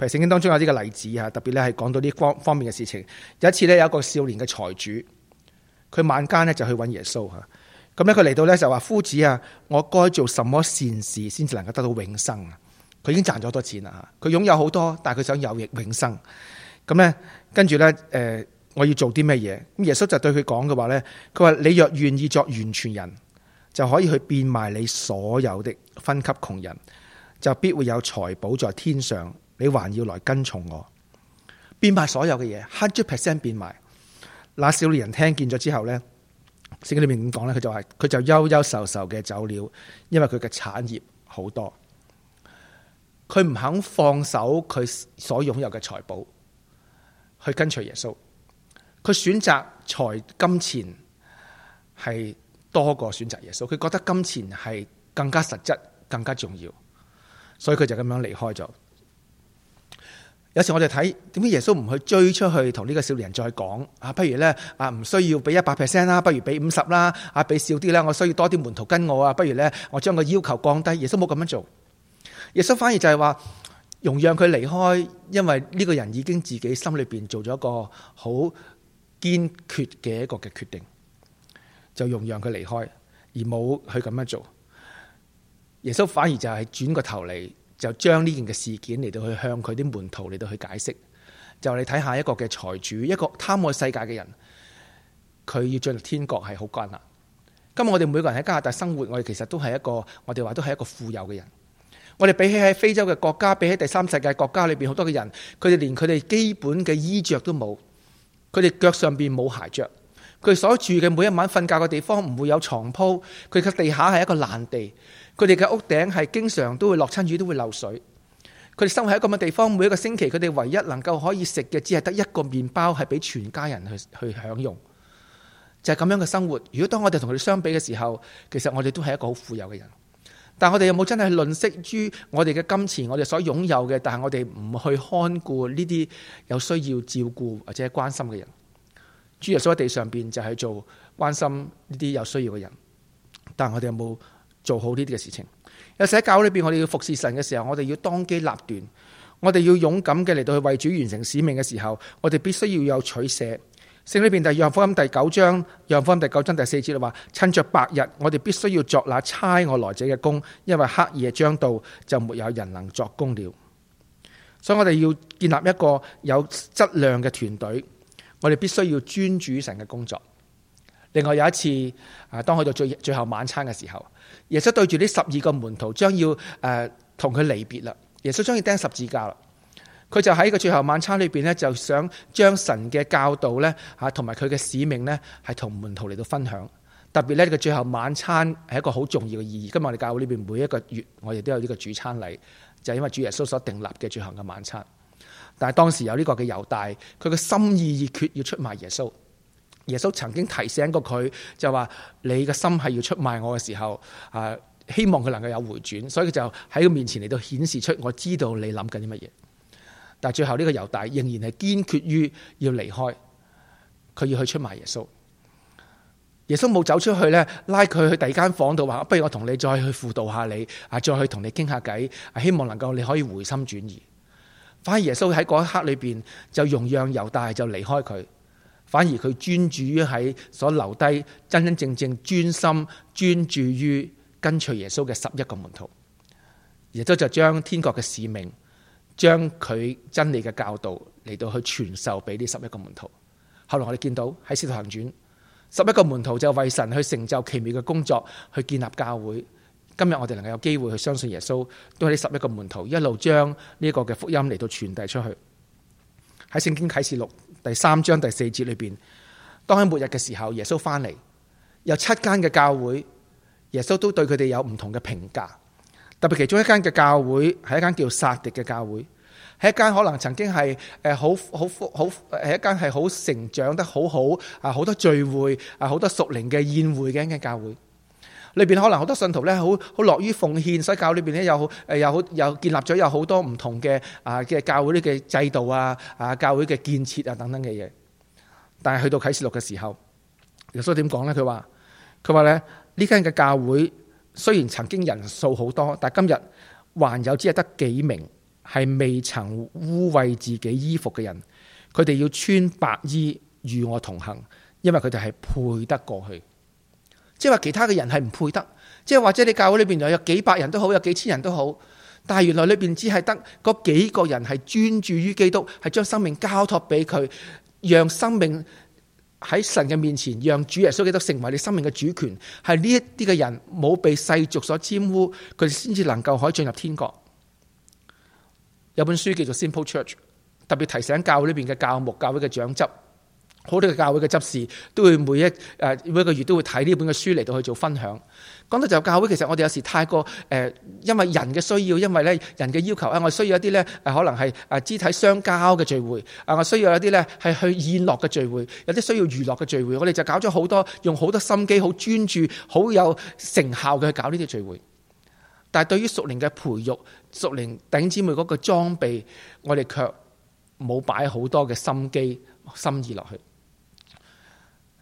如聖經當中有啲嘅例子吓，特別咧係講到呢方方面嘅事情。有一次呢，有一個少年嘅財主。佢晚間咧就去揾耶穌吓，咁咧佢嚟到咧就話：夫子啊，我該做什麼善事先至能夠得到永生啊？佢已經賺咗好多錢啦，佢擁有好多，但係佢想有亦永生。咁咧，跟住咧，誒，我要做啲咩嘢？咁耶穌就對佢講嘅話咧，佢話：你若願意作完全人，就可以去變賣你所有的分給窮人，就必會有財寶在天上。你還要來跟從我，變賣所有嘅嘢，hundred percent 變賣。那少年人聽見咗之後呢，聖經裏面點講呢？佢就係佢就憂憂愁愁嘅走了，因為佢嘅產業好多，佢唔肯放手佢所擁有嘅財寶去跟隨耶穌，佢選擇財金錢係多過選擇耶穌，佢覺得金錢係更加實質、更加重要，所以佢就咁樣離開咗。有時我哋睇點解耶穌唔去追出去同呢個少年人再講啊？不如呢，啊，唔需要俾一百 percent 啦，不如俾五十啦，啊，俾少啲啦。我需要多啲門徒跟我啊，不如呢，我將個要求降低。耶穌冇咁樣做，耶穌反而就係話容讓佢離開，因為呢個人已經自己心裏邊做咗一個好堅決嘅一個嘅決定，就容讓佢離開，而冇去咁樣做。耶穌反而就係轉個頭嚟。就將呢件嘅事件嚟到去向佢啲門徒嚟到去解釋，就你睇下一個嘅財主，一個貪愛世界嘅人，佢要進入天國係好困難。今日我哋每個人喺加拿大生活，我哋其實都係一個，我哋話都係一個富有嘅人。我哋比起喺非洲嘅國家，比起第三世界國家裏邊好多嘅人，佢哋連佢哋基本嘅衣着都冇，佢哋腳上邊冇鞋着。佢哋所住嘅每一晚瞓覺嘅地方唔會有床鋪，佢嘅地下係一個爛地。佢哋嘅屋頂係經常都會落親雨，都會漏水。佢哋生活喺咁嘅地方，每一個星期佢哋唯一能夠可以食嘅，只係得一個麵包，係俾全家人去去享用。就係咁樣嘅生活。如果當我哋同佢哋相比嘅時候，其實我哋都係一個好富有嘅人。但我哋有冇真係吝嗇於我哋嘅金錢，我哋所擁有嘅？但係我哋唔去看顧呢啲有需要照顧或者關心嘅人。主耶穌喺地上邊就係做關心呢啲有需要嘅人。但係我哋有冇？做好呢啲嘅事情，有時喺教會裏邊，我哋要服侍神嘅時候，我哋要當機立斷，我哋要勇敢嘅嚟到去為主完成使命嘅時候，我哋必須要有取捨。聖經裏邊約翰福音第九章，約翰福音第九章第四節話：趁着白日，我哋必須要作那差我來者嘅工，因為黑夜將到，就沒有人能作工了。所以我哋要建立一個有質量嘅團隊，我哋必須要專注神嘅工作。另外有一次啊，當去到最最後晚餐嘅時候。耶穌對住呢十二個門徒，將要誒同佢離別啦。耶穌將要釘十字架啦，佢就喺個最後晚餐裏邊呢，就想將神嘅教導呢，吓，同埋佢嘅使命呢，係同門徒嚟到分享。特別呢，佢最後晚餐係一個好重要嘅意義。今日我哋教會裏邊每一個月，我哋都有呢個主餐禮，就係因為主耶穌所定立嘅最後嘅晚餐。但係當時有呢個嘅猶大，佢嘅心意熱決要出賣耶穌。耶穌曾經提醒過佢，就話你嘅心係要出賣我嘅時候，啊，希望佢能夠有回轉，所以佢就喺佢面前嚟到顯示出我知道你諗緊啲乜嘢。但最後呢個猶大仍然係堅決於要離開，佢要去出賣耶穌。耶穌冇走出去呢，拉佢去第二間房度話，不如我同你再去輔導下你，啊，再去同你傾下偈，希望能夠你可以回心轉意。反而耶穌喺嗰一刻裏邊就容讓猶大就離開佢。反而佢專注於喺所留低真真正正，專心專注於跟隨耶穌嘅十一個門徒，耶穌就將天國嘅使命、將佢真理嘅教導嚟到去傳授俾呢十一個門徒。後來我哋見到喺《使徒行傳》，十一個門徒就為神去成就奇妙嘅工作，去建立教會。今日我哋能夠有機會去相信耶穌，都係呢十一個門徒一路將呢個嘅福音嚟到傳遞出去。喺《聖經啟示錄》。第三章第四節裏邊，當喺末日嘅時候，耶穌翻嚟，有七間嘅教會，耶穌都對佢哋有唔同嘅評價。特別其中一間嘅教會係一間叫撒迪嘅教會，係一間可能曾經係誒好好好係一間係好成長得好好啊，好多聚會啊，好多熟齡嘅宴會嘅一間教會。裏邊可能好多信徒咧，好好樂於奉獻，所以教裏邊咧有好、誒，有好、有，有建立咗有好多唔同嘅、啊嘅教會啲嘅制度啊，啊教會嘅建設啊等等嘅嘢。但係去到啟示錄嘅時候，耶穌點講呢？佢話佢話咧呢間嘅教會雖然曾經人數好多，但今日還有只係得幾名係未曾污穢自己衣服嘅人，佢哋要穿白衣與我同行，因為佢哋係配得過去。即係話其他嘅人係唔配得，即係或者你教會裏邊有有幾百人都好，有幾千人都好，但係原來裏邊只係得嗰幾個人係專注於基督，係將生命交託俾佢，讓生命喺神嘅面前，讓主耶穌基督成為你生命嘅主權。係呢一啲嘅人冇被世俗所玷污，佢哋先至能夠可以進入天國。有本書叫做《Simple Church》，特別提醒教會裏邊嘅教牧、教會嘅長執。好多嘅教會嘅執事都會每一誒每一個月都會睇呢本嘅書嚟到去做分享。講到就教會，其實我哋有時太過誒、呃，因為人嘅需要，因為咧人嘅要求啊，我需要一啲咧誒可能係誒肢體相交嘅聚會啊，我需要一啲咧係去宴樂嘅聚會，有啲需要娛樂嘅聚會，我哋就搞咗好多用好多心機，好專注，好有成效嘅去搞呢啲聚會。但係對於屬靈嘅培育、屬靈頂姊妹嗰個裝備，我哋卻冇擺好多嘅心機、心意落去。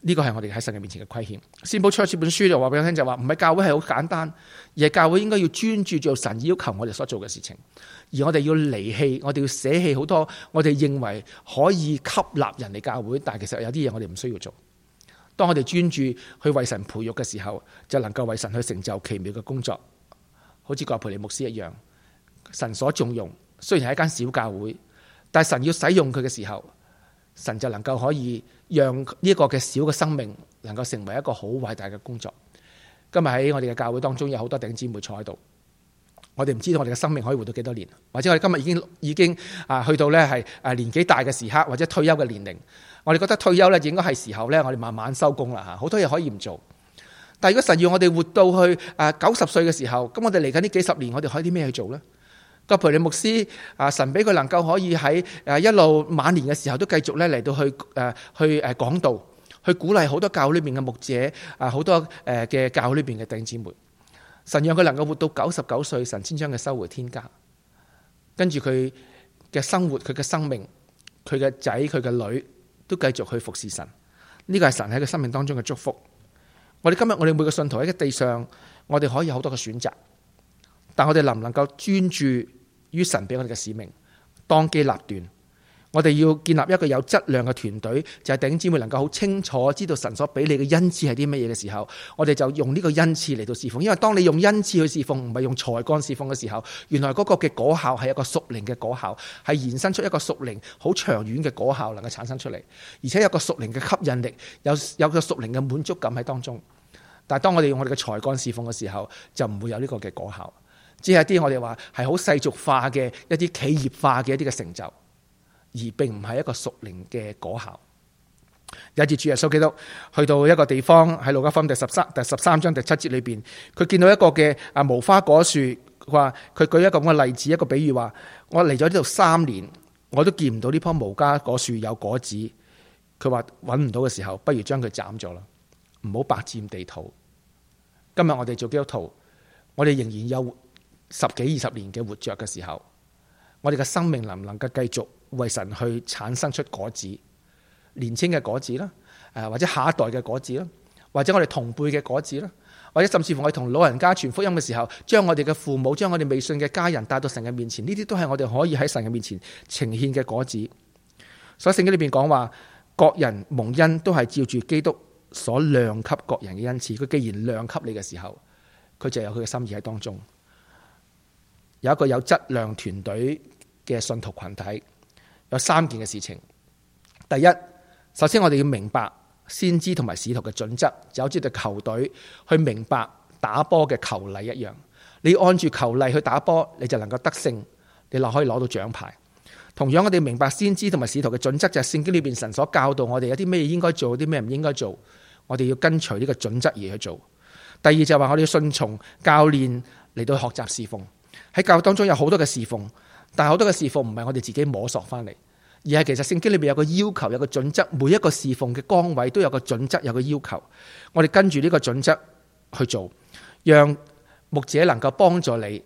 呢、這個係我哋喺神嘅面前嘅虧欠。先唔好出住本書就話俾我聽，就話唔係教會係好簡單，而係教會應該要專注做神要求我哋所做嘅事情，而我哋要離棄，我哋要捨棄好多我哋認為可以吸納人嚟教會，但係其實有啲嘢我哋唔需要做。當我哋專注去為神培育嘅時候，就能夠為神去成就奇妙嘅工作，好似個培理牧師一樣。神所重用，雖然係一間小教會，但係神要使用佢嘅時候。神就能夠可以讓呢個嘅小嘅生命，能夠成為一個好偉大嘅工作。今日喺我哋嘅教會當中，有好多頂姊妹坐喺度。我哋唔知道我哋嘅生命可以活到幾多年，或者我哋今日已經已經啊去到呢係年紀大嘅時刻，或者退休嘅年齡。我哋覺得退休咧，應該係時候呢，我哋慢慢收工啦，吓，好多嘢可以唔做。但如果神要我哋活到去九十歲嘅時候，咁我哋嚟緊呢幾十年，我哋可以啲咩去做呢？葛培理牧師啊，神俾佢能夠可以喺誒一路晚年嘅時候都繼續咧嚟到去誒去誒講道，去鼓勵好多教會裏邊嘅牧者啊，好多誒嘅教會裏邊嘅弟兄姊妹，神讓佢能夠活到九十九歲，神先將佢收回天家。跟住佢嘅生活，佢嘅生命，佢嘅仔，佢嘅女，都繼續去服侍神。呢個係神喺佢生命當中嘅祝福。我哋今日我哋每個信徒喺個地上，我哋可以好多嘅選擇，但我哋能唔能夠專注？於神俾我哋嘅使命，當機立斷。我哋要建立一個有質量嘅團隊，就係弟兄姊妹能夠好清楚知道神所俾你嘅恩賜係啲乜嘢嘅時候，我哋就用呢個恩賜嚟到侍奉。因為當你用恩賜去侍奉，唔係用才幹侍奉嘅時候，原來嗰個嘅果效係一個屬靈嘅果效，係延伸出一個屬靈好長遠嘅果效，能夠產生出嚟，而且有個屬靈嘅吸引力，有有個屬靈嘅滿足感喺當中。但係當我哋用我哋嘅才幹侍奉嘅時候，就唔會有呢個嘅果效。只係一啲我哋話係好世俗化嘅一啲企業化嘅一啲嘅成就，而並唔係一個屬靈嘅果效。有一次主耶穌基督去到一個地方，喺路加福音第十三、第十三章第七節裏邊，佢見到一個嘅啊無花果樹，佢話，佢舉一個咁嘅例子，一個比喻話，我嚟咗呢度三年，我都見唔到呢棵無花果樹有果子，佢話揾唔到嘅時候，不如將佢斬咗啦，唔好白佔地土。今日我哋做基督徒，我哋仍然有。十幾二十年嘅活着嘅時候，我哋嘅生命能唔能夠繼續為神去產生出果子？年輕嘅果子啦，誒或者下一代嘅果子啦，或者我哋同輩嘅果子啦，或者甚至乎我哋同老人家傳福音嘅時候，將我哋嘅父母，將我哋未信嘅家人帶到神嘅面前，呢啲都係我哋可以喺神嘅面前呈現嘅果子。所以聖經裏邊講話，各人蒙恩都係照住基督所量給各人嘅恩賜。佢既然量給你嘅時候，佢就有佢嘅心意喺當中。有一個有質量團隊嘅信徒群體，有三件嘅事情。第一，首先我哋要明白先知同埋使徒嘅準則，就好似對球隊去明白打波嘅球例一樣。你按住球例去打波，你就能夠得勝，你就可以攞到獎牌。同樣，我哋要明白先知同埋使徒嘅準則，就係聖經裏邊神所教導我哋有啲咩應該做，有啲咩唔應該做。我哋要跟隨呢個準則而去做。第二就係話我哋要順從教練嚟到學習侍奉。喺教會當中有好多嘅侍奉，但係好多嘅侍奉唔係我哋自己摸索翻嚟，而係其實聖經裏面有個要求，有個準則，每一個侍奉嘅崗位都有個準則，有個要求。我哋跟住呢個準則去做，讓牧者能夠幫助你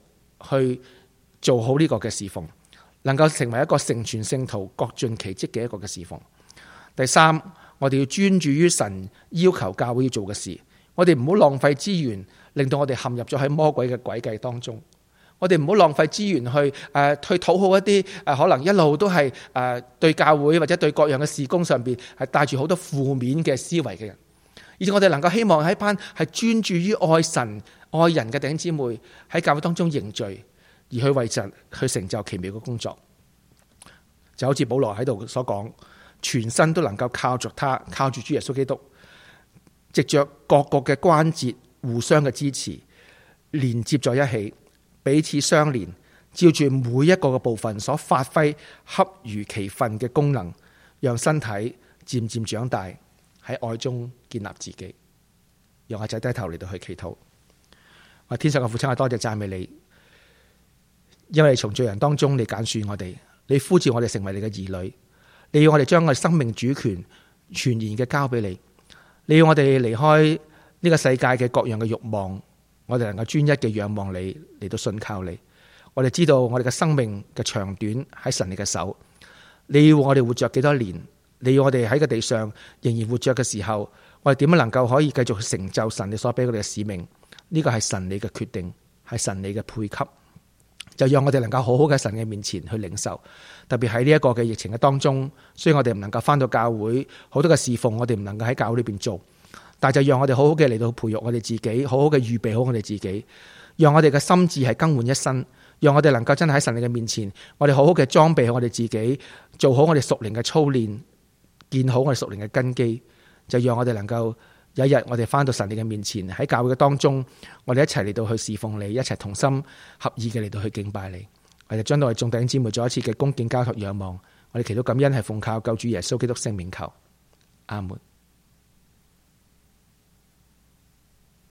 去做好呢個嘅侍奉，能夠成為一個成全聖徒、各盡其職嘅一個嘅侍奉。第三，我哋要專注於神要求教會要做嘅事，我哋唔好浪費資源，令到我哋陷入咗喺魔鬼嘅詭計當中。我哋唔好浪費資源去誒去討好一啲誒，可能一路都係誒對教會或者對各樣嘅事工上邊係帶住好多負面嘅思維嘅人，而且我哋能夠希望喺班係專注於愛神愛人嘅弟兄姊妹喺教會當中凝聚，而去為神去成就奇妙嘅工作，就好似保羅喺度所講，全身都能夠靠着他，靠住主耶穌基督，藉着各個嘅關節互相嘅支持連接在一起，彼此相連，照住每一個嘅部分所發揮恰如其分嘅功能，讓身體漸漸長大，喺愛中建立自己。讓阿仔低頭嚟到去祈禱。我天上嘅父親，我多謝讚美你，因為你從罪人當中你揀選我哋，你呼召我哋成為你嘅兒女，你要我哋將我哋生命主權全然嘅交俾你，你要我哋離開呢個世界嘅各樣嘅慾望。我哋能夠專一嘅仰望你，嚟到信靠你。我哋知道我哋嘅生命嘅長短喺神你嘅手。你要我哋活着幾多年？你要我哋喺個地上仍然活着嘅時候，我哋點樣能夠可以繼續成就神你所俾我哋嘅使命？呢個係神你嘅決定，係神你嘅配給，就讓我哋能夠好好喺神嘅面前去領受。特別喺呢一個嘅疫情嘅當中，所以我哋唔能夠翻到教會，好多嘅侍奉我哋唔能夠喺教會裏邊做。但就讓我哋好好嘅嚟到培育我哋自己，好好嘅預備好我哋自己，讓我哋嘅心智係更換一身，讓我哋能夠真係喺神你嘅面前，我哋好好嘅裝備好我哋自己，做好我哋屬靈嘅操練，建好我哋屬靈嘅根基，就讓我哋能夠有一日我哋翻到神你嘅面前，喺教會嘅當中，我哋一齊嚟到去侍奉你，一齊同心合意嘅嚟到去敬拜你，我哋將到嚟眾弟兄姊妹再一次嘅恭敬交託仰望，我哋祈求感恩係奉靠救主耶穌基督聖名求，阿門。